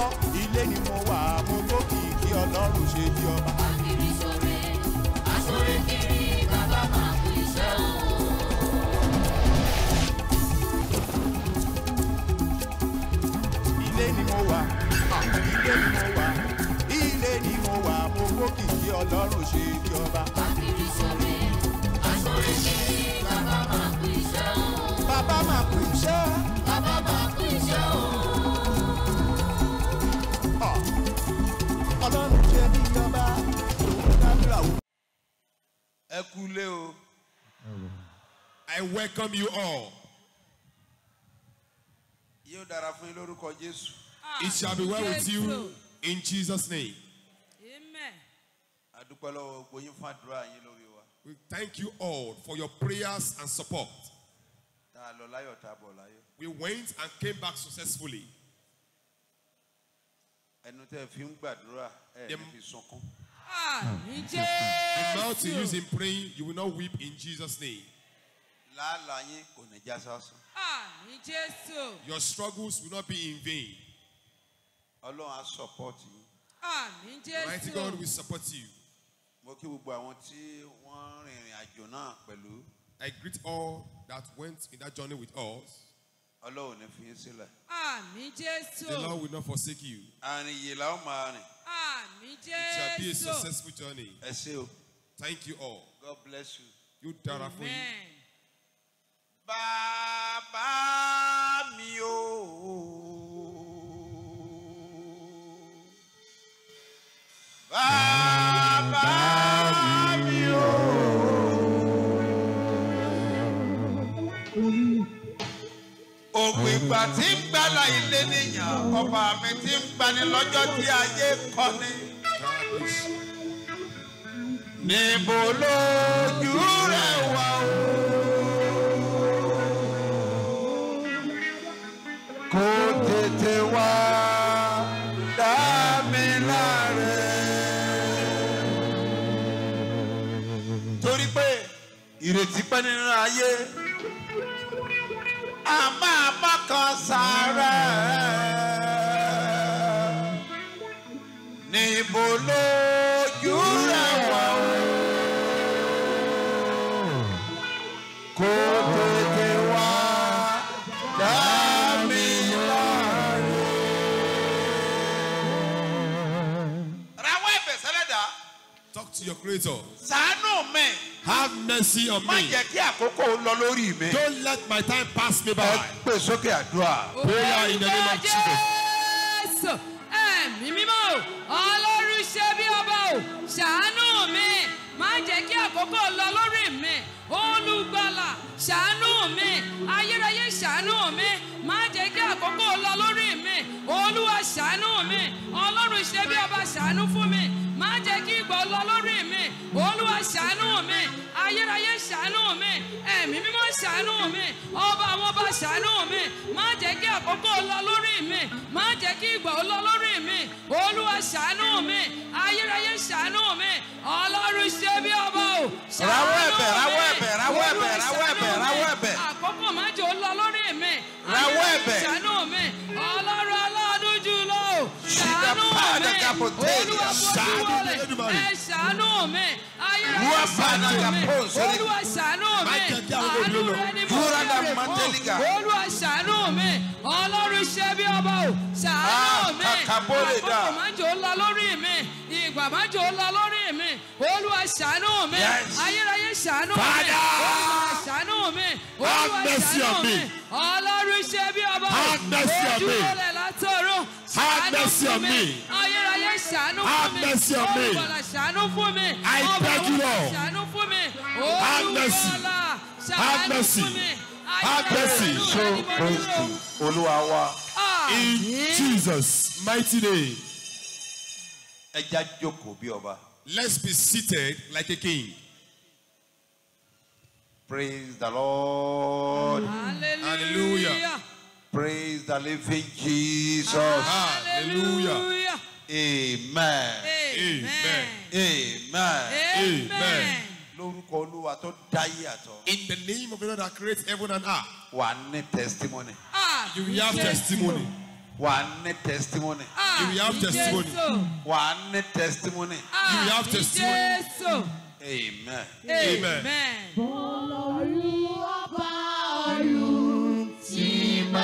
kọ́ ilé ni mo wà mo gbókì kí ọlọ́run ṣe bí ọba. àkìrí sóre àsóre kiri ilé ni mo wà ilé ni mo wà ilé ni mo wà mo gbókì kí ọlọ́run ṣe bí ọba. àkìrí sóre àsóre baba bàbá máa kú iṣẹ́ o. ẹ kú o. I welcome you all. Yóò dára fún yín lórúkọ Jésù. It ah, shall be well with you in Jesus' name. Amen. lọ́wọ́ gbogbo yín fún àdúrà yín lórí wa. We thank you all for your prayers and support. Tá lọ láyọ̀ tá bọ̀ láyọ̀. We went and came back successfully. Ẹnu tẹ́ fi ń gbàdúrà ẹ̀ ẹ̀ Ah, hmm. And now to use in praying, you will not weep in Jesus' name. Your struggles will not be in vain. Allah á support you. Àmín ah, Jesus. Mighty God will support you. I greet all that went in that journey with us. The Lord will not forsake you. It shall be a successful journey. Thank you all. God bless you. You Dara for you. Bye. ọba tí ń gbàlà ilé nìyàn ọba mi tí ń gbani lọ́jọ́ tí ayé kọni. níbo lójú rẹ̀ wà o. kó tètè wá dá mi láre. torí pé ìrètí pẹ́ nínú ayé. sára níbo lójú rẹ̀ wà ó kó tètè wá dá mi láre. rawọ́ ẹ̀bẹ̀ sẹ́lẹ̀dá. Talk to your creator. ṣàánú. Have mercy on me. Má jẹ́ kí àkókò lọ lórí mi. Don't let my time pass me by. Ẹ pè sókè àdúrà. Prayer in the name of Jesus. Ẹ̀mí mímọ́ Ọlọ́run ṣe bí ọba o, ṣàánú mi, má jẹ́ kí àkókò lọ lórí mi. Olùgbàlà ṣàánú mi, ayérayé ṣàánú mi, má jẹ́ kí àkókò lọ lórí mi. Olúwa ṣàánú mi ṣàánú fún mi má jẹ́ kí ìgbà lọ lórí mi olúwa ṣàánú mi ayérayé ṣàánú mi ẹ̀mí mímọ́ ṣàánú mi ọba àwọn ọba ṣàánú mi má jẹ́ kí àkókò lọ lórí mi má jẹ́ kí ìgbà lọ lórí mi olúwa ṣàánú mi ayérayé ṣàánú mi ọlọ́run ṣe bí ọba o ṣàánú mi olúwa ṣàánú mi àkókò má jẹ́ ó lórí mi ayérayé ṣàánú mi. olúwa fojú wọlé ẹ ṣàánú mi ayẹyẹ ṣàánú mi olúwa ṣàánú mi àánú rẹ ni mo bẹ̀rẹ̀ fún olúwa ṣàánú mi ọlọ́run ṣe bí ọba o ṣàánú mi àkókò májò ńlá lórí mi ìgbà májò ńlá lórí mi olúwa ṣàánú mi ayérayé ṣàánú mi olúwa ṣàánú mi olúwa ṣàánú mi ọlọ́run ṣe bí ọba o ojú wọlé látọ̀rọ̀. Have mercy on me. Have mercy on me. I beg you all. Have mercy. Have mercy. Have mercy. Show mercy. Oluwawa. Ah. In Jesus' mighty name. Ẹja jókòó bí ọba. Let's be seated like a king. Praise the Lord. Hallelujah. Hallelujah. Praise the living Jesus. Hallelujah. Amen. Amen. Amen. Amen. Lórúkọ Olúwa tó dá yàtọ̀. In the name of the Lord that creates heaven and earth. Wà á ní testimony. Ah, you will have testimony. Wà á ní testimony. Ah, you will have testimony. Wà á ní ah, testimony. You will have testimony. Amen. Amen. Bọ́lá rí ọba.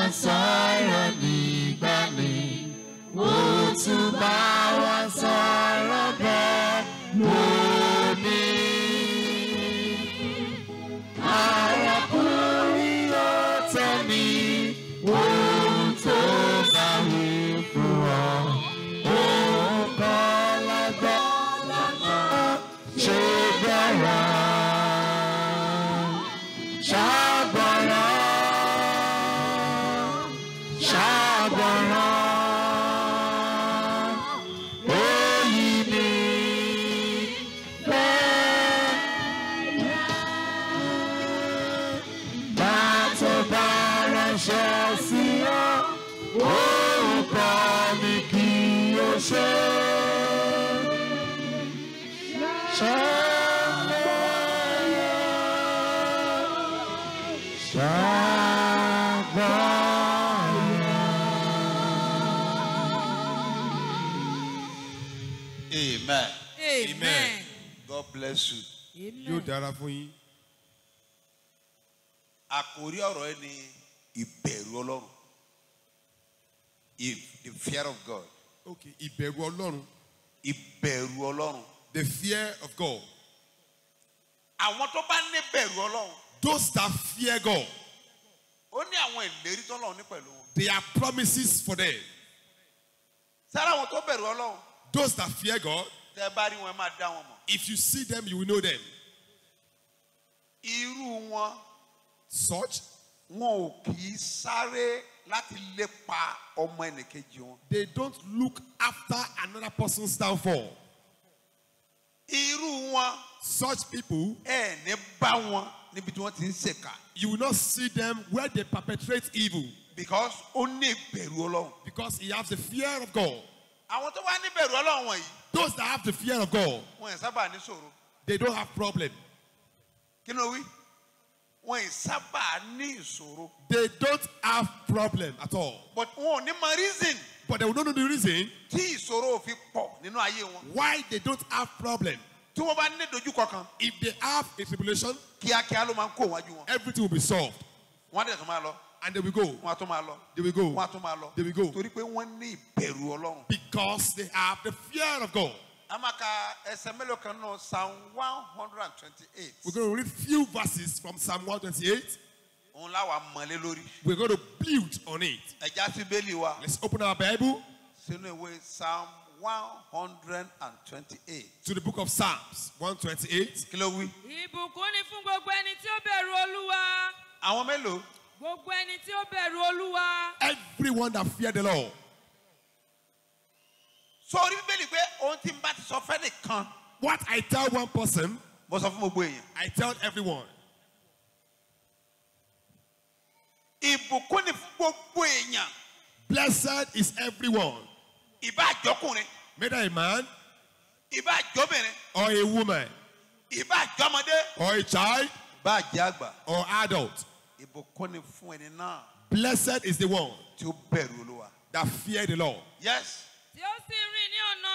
and silently, mi, ó tún bá fún yín. àkórí ọ̀rọ̀ yẹn ni ìbẹ̀rù ọlọ́run the fear of God. okay ìbẹ̀rù ọlọ́run. ìbẹ̀rù ọlọ́run. the fear of God. àwọn tó bá ní bẹ̀rù ọlọ́run. those that fear God. ó ní àwọn ìlérí tọ́lọ́run ní pẹ̀lú wọn. they are promises for them. sára àwọn tó bẹ̀rù ọlọ́run. those that fear God. tẹ́ bá rí wọn ẹ máa dá wọn mọ̀. if you see them you will know them irú wọn. such. wọn ò kì í sáré láti lépa ọmọ ẹnìkejì wọn. they don't look after another person's downfall. irú wọn. such people. ẹ ní bá wọn níbi tí wọ́n ti ń ṣèkà. you will not see them where they perpetrate evil. because ó ní ìbẹ̀rù ọlọ́run. because he has the fear of God. àwọn tó wá ní ìbẹ̀rù ọlọ́run wọ̀nyí. those that have the fear of God. wọn ẹ̀ sábà ní ṣòro. they don't have problem kí ló wí wọn ì sábà ní ìṣòro. they don't have problem at all. but wọn ò ní mọ reason. but they don't know the reason. tí ìṣòro fi pọ̀ nínú ayé wọn. why they don't have problem. tí wọ́n bá ní dojúkọ kan. if they have a tribulation. kíákíá ló máa ń kó wájú wọn. everything will be solved. wọ́n á dẹ̀ tó máa lọ. and they will go. wọ́n á tó máa lọ. they will go. wọ́n á tó máa lọ. they will go. torí pé wọ́n ní ìbẹ̀rù Ọlọ́run. because they have the fear of God. Amaka Esemelokano, Psalm 128. We're going to read few verses from Psalm 128. We're going to build on it. Let's open our Bible. Psalm 128. To the book of Psalms 128. Kilowi. Ìbùkún ni fún gbogbo ẹni tí ó bẹ̀rù Olúwa. Àwọn mélòó? Gbogbo ẹni tí ó bẹ̀rù Olúwa. Everyone that fear the Lord sórí bíbélì pé ohun tí n bá ti sọ fẹ́ nìkan. what I tell one person. mo sọ fún gbogbo èèyàn. I tell everyone. ìbùkún ni fún gbogbo èèyàn. blessed is everyone. ìbá àjọkùnrin. whether a man. ìbá àjọbìnrin. or a woman. ìbá àjọmọdé. or a child. ìbá àjàgbà. or adult. ìbùkún ni fún ẹni náà. blessed is the one. tí ó bẹ̀rù olúwa. that fear the Lord. yes. tí sì rí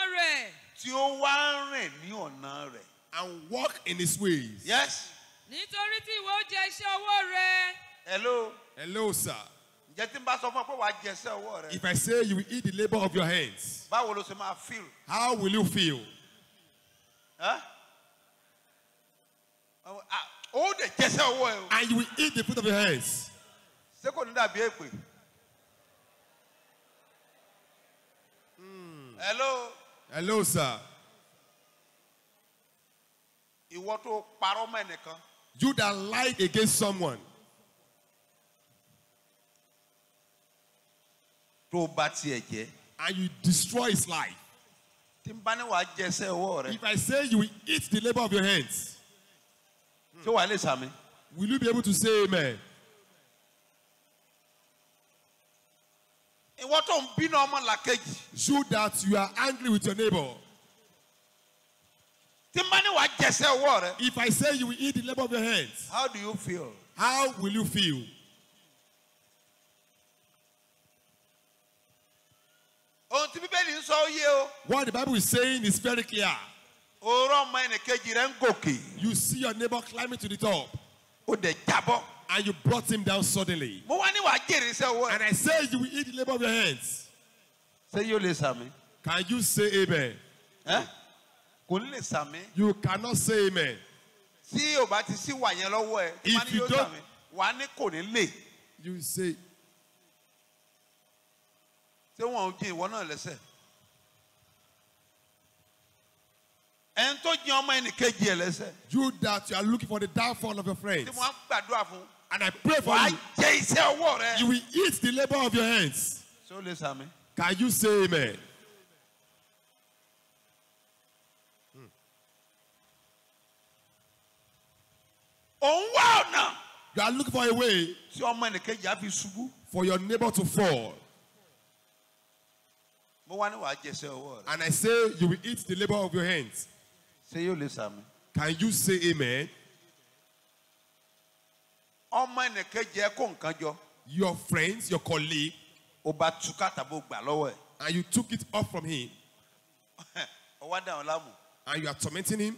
ọ̀nà rẹ̀. Tí ó wá rìn ní ọ̀nà rẹ̀. And walk in his ways. Yes. Nítorí tí ìwọ jẹ iṣẹ́ ọwọ́ rẹ. Hello. Hello sir. Ǹjẹ́ tí n bá sọ fún ọ pé wàá jẹ iṣẹ́ ọwọ́ rẹ? If I say you will eat the labour of your hands. Báwo ló ṣe máa feel? How will you feel? Huh? ó de jẹsẹ owó ẹ and you will eat the fruit of your hands. ṣé kò ní dàbí èpè. Hmm. hello hello sir. ìwọ tó parọ́ mọ́ ẹnìkan. you that lied against someone. tó bá tiẹ̀ jẹ́. and you destroy his life. tí n bá ní wàá jẹ ẹsẹ̀ ọwọ́ rẹ. if I say you will eat the labour of your hands. ṣé wàá lè sàmì. will you be able to say amen. ìwọ tó ń bínú ọmọ làkejì. show that you are angry with your neighbor. tí mbà ni jẹsẹ ọwọ́ rẹ. if I say you will eat the labour of your hands. how do you feel. how will you feel. ohun tí bíbélì ń sọ yé o. what the bible is saying is very clear. òórọ̀ ọmọ ẹnìkejì rẹ ń gòkè. you see your neighbor climbing to the top. ó dẹ̀ jábọ́. And you brought him down suddenly. Mo wá ní wàá jèrè iṣẹ́ owó And I say you will eat the labour of your hands. Ṣé yóò lè sàmì? Can you say amen? Ẹ́ kò ní lè sàmì. You cannot say amen. Tí o bá ti sí wà yẹn lọ́wọ́ ẹ̀, wọ́n ní yóò sàmì. Wà á ní kò ní lè. You say. Ṣé wọn ò jin ìwọ náà lẹ́sẹ̀? ẹni tó jin ọmọ ẹnì kejì ẹ lẹ́sẹ̀. You that you are looking for the downfall of your friends. Tí mo gbàdúrà fún. And I pray for you. Eh? You will eat the labor of your hands. So listen, me. Can you say amen? Hmm. Òun wá You are looking for a way. For your neighbor to fall. And I say you will eat the labour of your hands. Say you, listen. Can you say amen? ọmọ ẹnìkejì ẹ kó nǹkan jọ. your friends your colleague. o bá tú kàtàbó gbà lọ́wọ́ ẹ̀. and you took it off from him. ó wá dà láàmú. and you are tormenting him.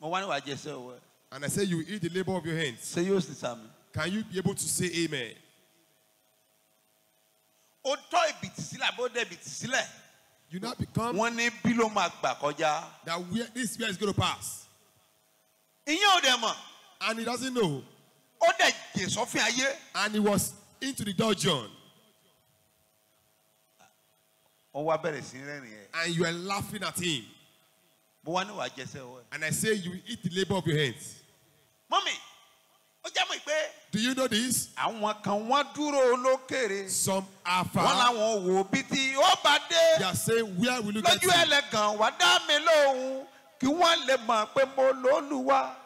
mo wá ní wàá jẹ sẹ́ ọwọ́ ẹ. and I say you eat the labour of your hands. ṣé yóò sì sàmì. can you be able to say amen. ó tọ́ ìbìtì sílẹ̀ àbó dẹ̀ ìbìtì sílẹ̀. you now become. wọ́n ní bí ló máa gbà kọjá. that where this where is going pass. ìyẹn ò dẹ̀ mọ̀. And he doesn't know. Ó dẹ̀ jè sọ́fìn ayé. And he was into the dungeon. Ó wá bẹ̀rẹ̀ sí rẹ́rìn ẹ̀. And you are laughing at him. Mo wá ní wàá jẹsẹ̀ And I say you eat the labour of your hands. Mọ́mì, ó jẹ́ mọ̀ pé. Do you know this? Àwọn kan wọ́n dúró lókèrè. Some are Wọ́n láwọn wò bí tí ó bá dé. They are saying where will you get to? Lójú ẹlẹ́gàn wá dá mi lóhùn kí wọ́n lè mọ̀ pé mo lóluwà.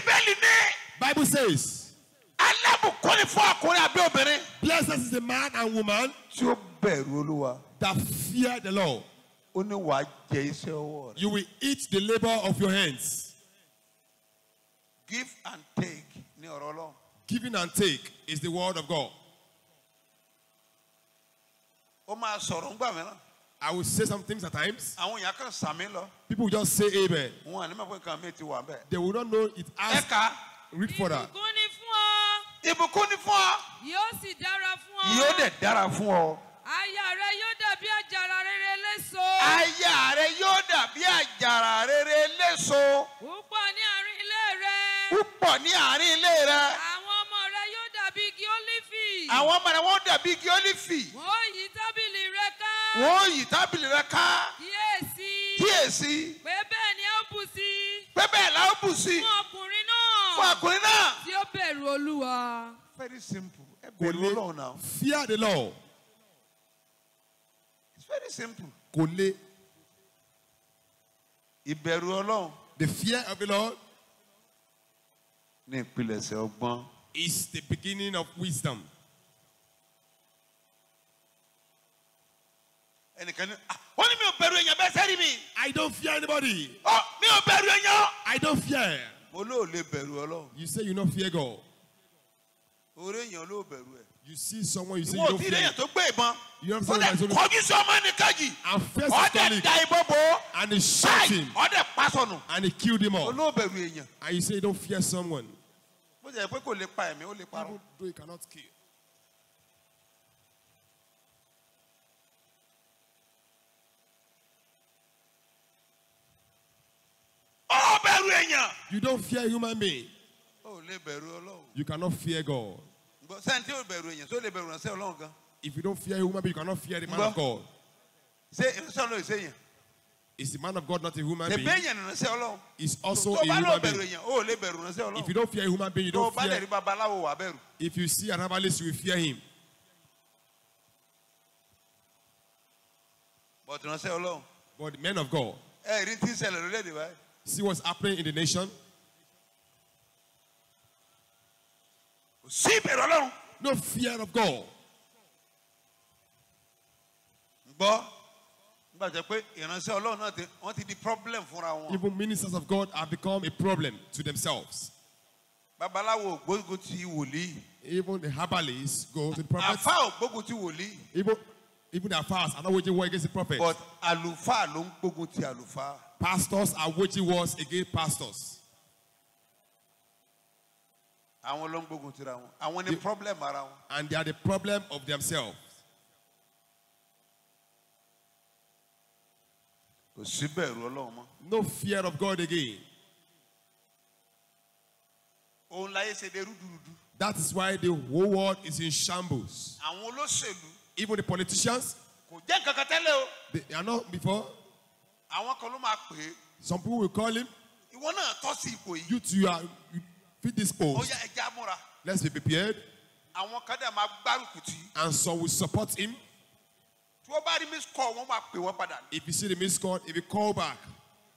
Bíbélì ní. Bible says. Alábùkún ni fún ọkùnrin àbí obìnrin. Blessed is the man and woman. Tí ó bẹ̀rù Olúwa. That fear the law. Ó ní wàá jẹ iṣẹ́ ọwọ́ rẹ̀. You will eat the labour of your hands. Give and take ní ọ̀rọ̀ Ọlọ́run. Giving and take is the word of God. Ó máa sọ̀rọ̀ ń gbà mí náà. I will say some things at times. Àwọn èèyàn kan sàmì lọ. People will just say amen. Wọn àní mọ̀ pé mi ti wà bẹ́ẹ̀. They will not know it as. Ẹ̀ka. Read that. Ìbùkún ni fún ọ. Ìbùkún ni fún ọ. Yóò sì dára fún ọ. Yóò dẹ̀ dára fún ọ. Aya rẹ yóò dàbí àjàrà rere léso. Aya rẹ yóò dàbí àjàrà rere léso. Púpọ̀ ní àárín ilé rẹ. Púpọ̀ ní àárín ilé rẹ. Àwọn ọmọ rẹ yóò dàbí igi ólífì. Àwọn ọmọ rẹ wọ́n dàbí igi ólífì wọ́n yí tábìlì rẹ ká. kíyèsí. kíyèsí. pé bẹ́ẹ̀ ni ó bù sí. pé la ó bù sí. fún ọkùnrin náà. fún ọkùnrin náà. tí ó bẹ̀rù olúwa. very simple ẹ bẹ̀rù olóhùn náà. fear the law. it's very simple. kò le. ìbẹ̀rù ọlọ́run. the fear of the lord. ní ìpilẹ̀ṣẹ̀ ọgbọ́n. is the beginning of wisdom. ẹnìkan ní ó ah, ní mi ò bẹ̀rù èèyàn bẹ́ẹ̀ sẹ́rí mi. I don't fear anybody. ọ ah, mi ò bẹ̀rù èèyàn. I don't fear. mo lóò lè bẹ̀rù ọlọ́run. you say you no fear God. orí èèyàn ló bẹ̀rù ẹ̀. you see someone you say you no fear. ìwọ òtí lèyàn tó gbé ìbọn. you don't fear like so. kọjú sí ọmọ ẹnìkejì. and first of all ọdẹ da ìbọn bò. and he shot him. ọdẹ pasọnù. and he killed him all. mo lóò bẹ̀rù èèyàn. and you say you don't fear someone. bó ṣe yẹ pé kò lè pa ẹ̀mí ó lè parọ́. people do it cannot kill. You don't fear human being. Oh, you cannot fear God. If you don't fear human being, you cannot fear the man of God. Is the man of God not a human being? Is also a human being. If you don't fear a human being, you don't fear. If you see an herbalist, you fear him. But the men of God. See what's happening in the nation? No fear of God. Even ministers of God have become a problem to themselves. Even the Habalis go to the prophets. Even Even their fast are not waging war against the prophet. But àlùfáà ló ń gbógun ti àlùfáà. Pastors are waging wars against pastors. Àwọn ló ń gbógun tira wọn. Àwọn ni problem ara wọn. And they are the problem of themselves. Kò sí bẹ̀rù Ọlọ́run mọ́. No fear of God again. Òun láyé ṣe dé rúdurùdu. That is why the whole world is in shambles. Àwọn olóṣèlú even the politicians. kò jẹ́ nǹkan kan tẹ́lẹ̀ o. they are not before. àwọn kan ló máa pè é. some people will call him. ìwọ náà tọ́ sí ipò yìí. you too are you fit this post. ó yá ẹja múra. let's be prepared. àwọn kan dẹ̀ máa gbárùkù tì. and so we support him. tí wọ́n bá rí miss call wọ́n máa pè wọ́n padà. if you see the miss call if you call back.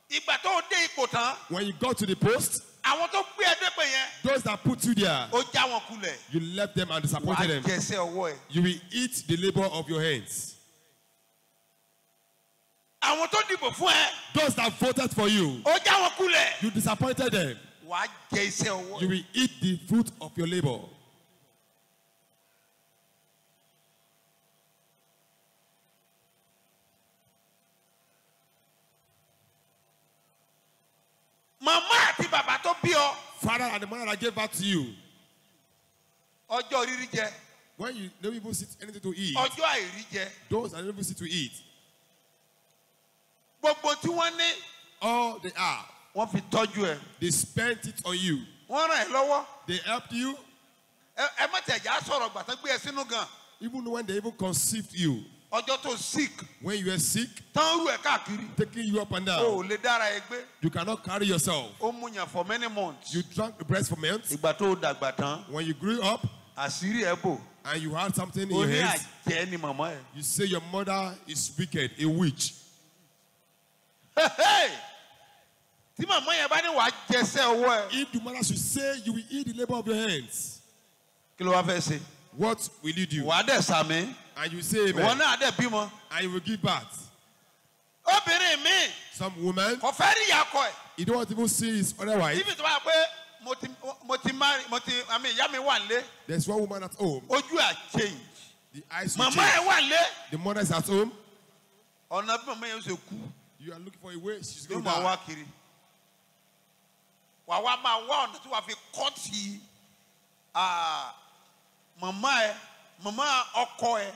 ìgbà tó o dé ipò tán. when you go to the post àwọn tó gbé ẹ dépè yẹn. those that put you there. ó já wọn kulẹ̀. you left them and disappointed them. wàá jẹsẹ̀ ọwọ́ ẹ. you will eat the labour of your hands. àwọn tó dìbò fún ẹ. those that voted for you. ó já wọn kulẹ̀. you disappointed them. wàá jẹ iṣẹ́ ọwọ́ ẹ. you will eat the fruit of your labour. màmá àti bàbá tó bí ọ. father and mother I gave birth to you. ọjọ́ rírí jẹ. when you no even see anything to eat. ọjọ́ àìrí jẹ. those that no even see to eat. gbogbo tí wọ́n ní. all they are. wọ́n fi tọ́jú ẹ. they spent it on you. wọ́n ràn ẹ́ lọ́wọ́. they helped you. ẹ ẹ mọ̀tẹ̀jà sọ̀rọ̀ gbàtà gbé ẹ sínú gan. even when they even conceived you ọjọ́ tó sick. when you are sick. tán rú ẹ káàkiri. taking you up and down. o lè dára ẹ gbé. you cannot carry yourself. ó mu yàn for many months. you drank breast for months. ìgbà tó dàgbà tán. when you grew up. àṣírí ẹ bò. and you had something in your head. o ní àjẹ́ ni màmá ẹ. you say your mother is wicked a witch. tí màmá yẹn bá ní wàá jẹsẹ̀ ọwọ́ ẹ. if the mother should say you will eat the labour of your hands. kí ló wá fẹ́ ṣe. What will you do? Wà á dẹ̀ sàmì. And you say amen. Wọ́n náà dẹ̀ bímọ. And you will give birth. Obìnrin mi. Some women. Kò fẹ́ rí ìyàkọ̀ ẹ̀. You don't want to even see his other wife. Ibi tó wà pé mo ti mo ti marry mo ti àmì ìyá mi wà nílé. There is one woman at home. Ojú à change. The eyes will change. Màmá ẹ̀ wà nílé. The mother is at home. Ọ̀nà bí màmá yẹn ṣe kú. You are looking for a way she is going to die. Yóò máa wá kiri. Wàá wá máa wá ọ̀nà tí wàá fi kọ́ ti mama yɛ mama ɔkɔ yɛ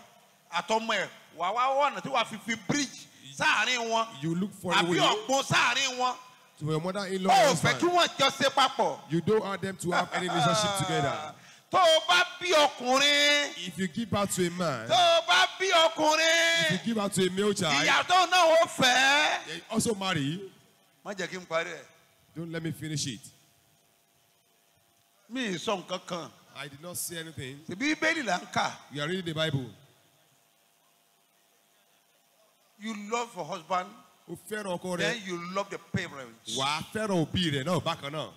àtɔmɔ yɛ wà wá wọ ọ̀nà tí wà fi bridge sáàrin wọn you look for a way àbí ọ̀gbun sáàrin wọn. to your mother-in-law husband. Oh, fẹ́ kí wọ́n jọ ṣe papọ̀. you don't want them to have any relationship ah, together. tó o bá bí ọkùnrin. if you give birth to a man. tó o bá bí ọkùnrin. if you give birth to a male child. ìyàtọ̀ náà ó fẹ́. they also marry. má jẹ́ kí n parí ẹ̀. don't let me finish it. mi ì sọ nǹkan kan. I did not see anything. Bíbélì là ń kà. You are reading the Bible. You love your husband. O fẹ́ràn ọkọ rẹ. Then you love the parents. Wà fẹ́ràn òbí rẹ̀ náà bákan náà.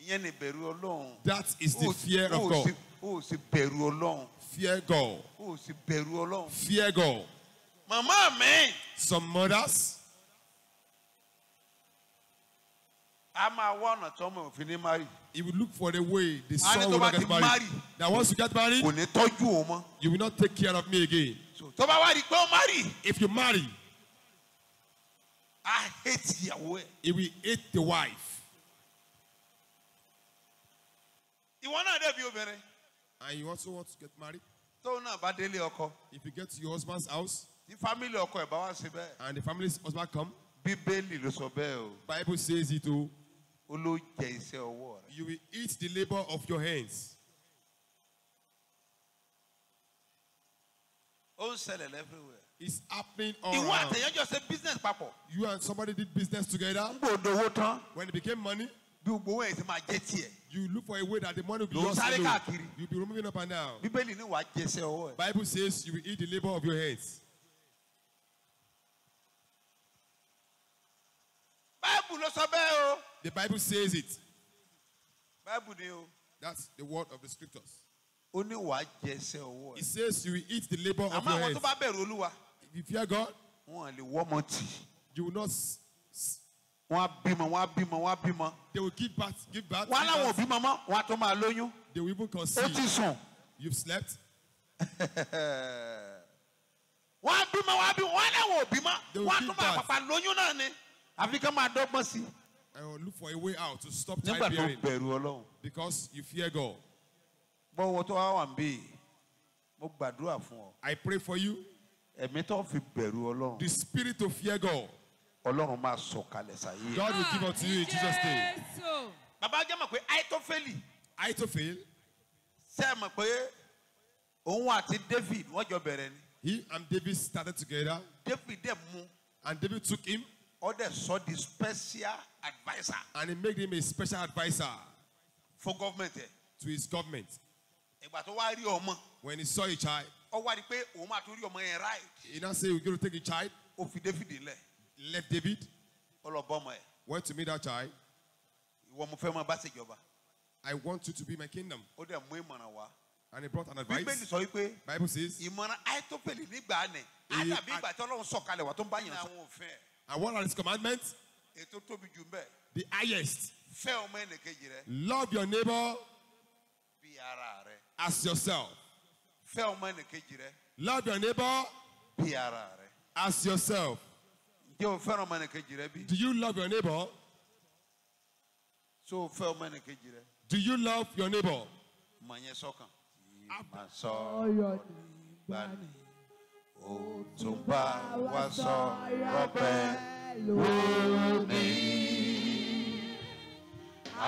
Ìyẹn ni bẹ̀rù Ọlọ́run. That is the fear of God. O ò sì bẹ̀rù Ọlọ́run. Fear God. O ò sì bẹ̀rù Ọlọ́run. Fear God. Màmá mi. Some mothers. a máa wá ọ̀nà tí ọmọ òfin ní marry. he will look for the way the son will not get married. that once you get married. kò ní tọ́jú òun mọ́. you will not take care of me again. so tó bá wá rí i pé ó marry. if you marry. I hate ìyàwó ẹ. he will hate the wife. ìwọ náà dẹ̀ bí obìnrin. and you also want to get married. tóun náà bá délé ọkọ. if you get to your husband's house. the family ọkọ ẹ̀ bá wá sí bẹ́ẹ̀. and the family's husband come. bíbélì ló sọ bẹ́ẹ̀ o. bible says it o ó jẹ iṣẹ́ ọwọ́ rẹ. you will eat the labour of your hands. ó ń ṣẹlẹ̀ everywhere. it's happening all around. ìwọ àtẹ̀yẹ́jọ́ ṣe business papọ̀. you and somebody did business together. ń gbòdo owó tán. when it became money. bí gbogbo ẹ̀ ṣe máa jẹ́ tiẹ̀. you look for a way that the money will be yours alone. sáré káàkiri. you be moving up and down. bíbélì ní wàá jẹ iṣẹ́ ọwọ́ rẹ. bible says you will eat the labour of your hands. Bible ló sọ bẹ́ẹ̀ The Bible says it. Bible ni o. That's the word of the scriptures. Ó ní wàá jẹ ẹsẹ̀ ọwọ́ ẹ. says you will eat the labour of your hands. Àmọ́ àwọn tó bá bẹ̀rù Olúwa. If you fear God. Wọ́n lè wọ́mọ tì. You will not. Wọ́n á bímọ, wọ́n á bímọ, wọ́n á bímọ. They will give birth, give birth. Wọ́n á òbí mọ́mọ́, wọ́n á máa lóyún. They will even conceive. Ó ti sùn. You've slept. Wọ́n á bímọ, wọ́n á bímọ, wọ́n á òbí mọ́. They will give birth. máa pàpà lóyún náà ni. Àfi kán máa dọ́gbọ́n sí i uh, look for a way out to stop nígbà bearing. because you fear God. bọ́wọ́ tó wá wà ń bí mo gbàdúrà fún ọ. I pray for you. ẹ̀mí tó fi bẹ̀rù ọlọ́run. the spirit of fear God. ọlọ́run máa sọ̀kalẹ̀ sáyé. God will give to you in Jesus name. bàbá ajá mọ̀ pé àìtọ́fẹ́lì. àìtọ́fẹ́lì. sẹ́ẹ̀ mọ̀ pé òun àti David wọ́n jọ bẹ̀rẹ̀ ni. He and David started together. David dẹ̀ mú. And David took him. Order so the special adviser. and he made him a special adviser. for government. Eh? to his government. ìgbà tó wá rí ọmọ. when he saw a child. ó wá rí i pé òun máa tún rí ọmọ yẹn right. he now say we go take a child. ó fi david lẹ. let david. ó lọ bọ́ ọmọ ẹ. went to meet that child. ìwọ mo fẹ́ mọ bá ṣèjọba. I want you to be my kingdom. ó dẹ̀ mú ìmọ̀ràn wá. and he brought an advice. bíbélì sọ wípé. bible says. ìmọ̀ràn àìtópele nígbà ni. àdàbí ìgbà tí ọlọ́run sọ̀kalẹ̀ wà tó ń bá yàn sọ. And what are his commandments? Ètò tóbi jù mbẹ́. The highest. Fẹ́ ọmọ ẹnìkejì rẹ. Love your neighbor. Bí ara rẹ. As yourself. Fẹ́ ọmọ ẹnìkejì rẹ. Love your neighbor. Bí ara rẹ. As yourself. Ǹjẹ́ o fẹ́ràn ọmọ ẹnìkejì rẹ bí? Do you love your neighbor? So o fẹ́ ọmọ ẹnìkejì rẹ. Do you love your neighbor? Mọ̀ yẹn sọ́kàn. Màá sọ yọ̀ nígbà ni ó tún bá wa sọ̀rọ̀ pẹ̀lú mi.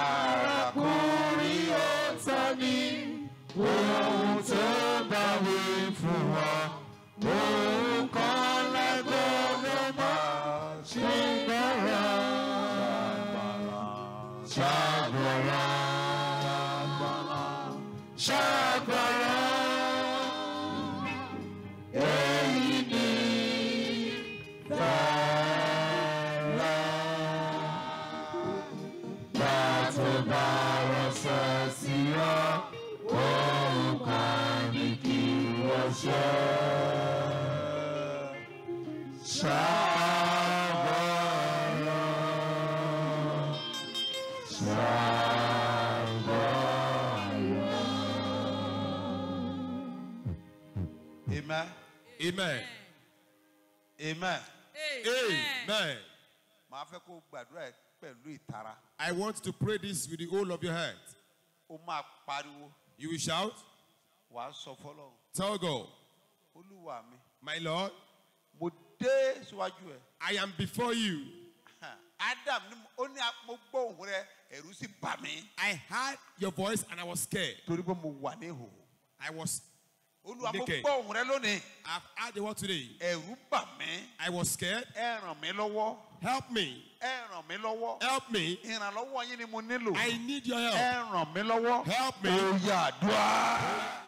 arákùnrin ọ̀tá mi wo ohun tó bá wí fún wa. Amen. Amen. Amen. Amen. Màá fẹ́ kó gbàdúrà ẹ pẹ̀lú ìtara. I want to pray this with the whole of your heart. O máa pariwo. You will shout. Wà á sọ fọlọ́run. Tell God. Olúwa mi. My Lord. Mo dé síwájú ẹ. I am before you. Adam ni ó ní mo gbọ́ rẹ ẹ̀rù sì bà mí. I heard your voice and I was scared. Torí pé mo wà ní ìhòòhò. I was olúwa mo gbọ́ ohùn lónìí. I have heard the word today. ẹ̀rù bà mí. I was scared. ẹ ràn mí lọ́wọ́. help me. ẹ ràn mí lọ́wọ́. help me. ìrànlọ́wọ́ yín ni mo nílò. I need your help. ẹ ràn mí lọ́wọ́. help me. ó yá àdúrà.